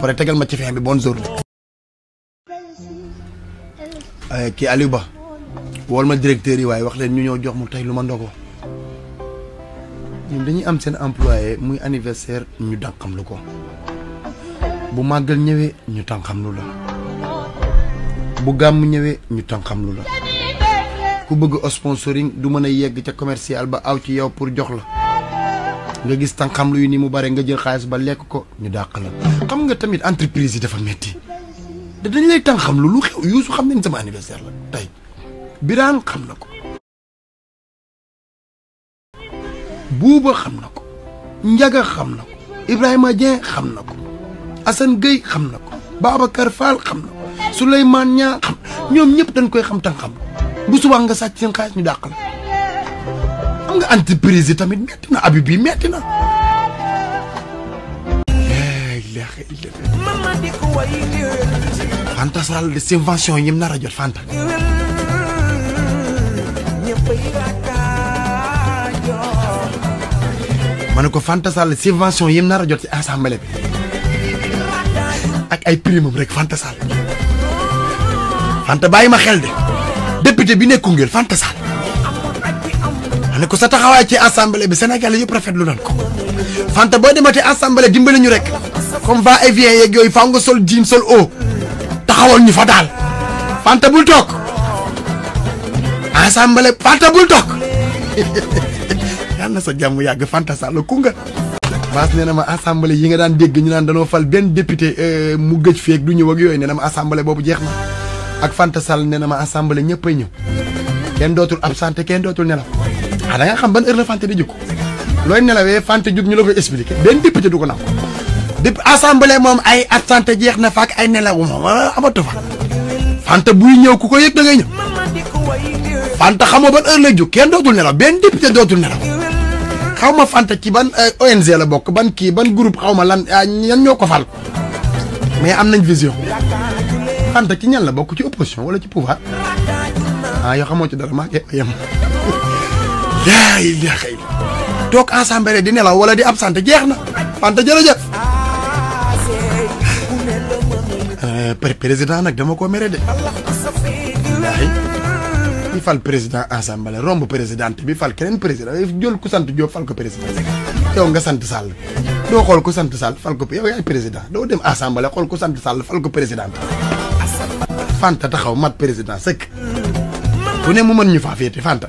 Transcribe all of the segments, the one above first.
pare tegal ma ci fin bi bonne journée. Eh, kii Aliou Ba wool ma directeur yi waaye wax leen ñu ñëw jox mu tey lu ma ndogoo ñoom dañuy am seen employé muy anniversaire ñu dànqam lu ko bu màggal ñëwee ñu tànqam lu la bu gàmm ñëwee ñu tànqam lu la ku bëgg sponsoring du mën a yegg ca commercial ba aw ci yow pour jox la nga gis tànqam luy nii mu bare nga jël xaalis ba lekk ko ñu dàq la xam nga tamit entreprise yi dafa metti te dañ lay tànqam lu lu xew yuusu xam ni sama anniversaire la tey biraan xam na ko buuba xam na ko njaga xam na ko ibrahima Dieng xam na ko Assane Gueye xam na ko Babacar Fall xam na ko Souleymane Niang xam ñoom ñëpp dañ koy xam tànqam bu subaa nga sàcc seen xaalis ñu dàq la xam nga entreprise yi tamit metti na abi metti na Fanta Sall de subvention a jot ne ko Fanta Sall subvention yim mu nar a jot ci assemblée bi ay prime rek Fanta Sall Fanta bàyyi ma xel de député bi nekk Koungheul Fanta dana ko sa taxawaay ci assemblée bi Sénégal yëpp rafetlu nan ko fanta boo dematee assemblée dimbali ñu rek comme va et vient yeeg yooyu faaw nga sol jiin sol o taxawal ñu fa daal fanta bul toog assemblée fanta bul toog yal na sa jàmm yàgg fanta sàll ku nga baas nee na ma assemblée yi nga daan dégg ñu naan danoo fal benn député euh, mu gëj feeg du ñëw ak yooyu nee na ma assemblée boobu jeex na ak fanta sàll nee na ma assemblée ñëppay ñëw kenn dootul absenté kenn dootul nelaw ah da nga xam ban heure la Fante di jug looy nelawee Fante jug ñu la koy expliqué benn député du ko nangu dépp assemblée moom ay at absente jeex na faak ay nelaw moom amatu fa Fante buy ñëw ku ko yëg da ngay ñëw Fante xamoo ban heure lay kenn dootul nelaw benn député dootul nelaw xaw ma Fante ci ban euh, ONG la bokk ban kii ban groupe xaw ma lan ah, ñan ñoo ko fal mais am nañ vision Fante ci ñan la bokk ci opposition wala ci pouvoir ah, yoo xamoo ci dara maa ngi yem yaa ngi xëy na toog ensemble di nelaw wala di absente jeex na wante jërëjëf. Euh, président nag dama ko mere de. bi fal président assemblée romb présidente bi fal keneen président jol ku sant Diop fal ko président yow nga sant Sall doo xool ku sant Sall fal ko président doo dem assemblée xool ku sant Sall fal ko président Fanta taxaw mat président sëkk ku ne mu mën ñu faa féete Fanta.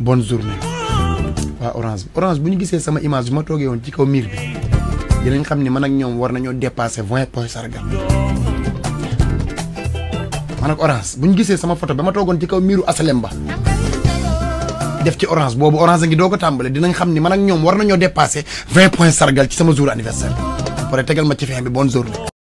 bonne journée waa orange orange bu ñu gisee sama image bi ma toogee woon ci kaw miir bi dinañ xam ne man ak ñoom war nañoo dépasser vingt points sargal man ak orange bu ñu gisee sama photo ba ma toogoon ci kaw miiru asalem ba def ci orange boobu orange a ngi doo tàmbale dinañ xam ni man ak ñoom war nañoo dépasser vingt points sargal ci sama jour anniversaire pare tegal ma ci fin bi bonne journée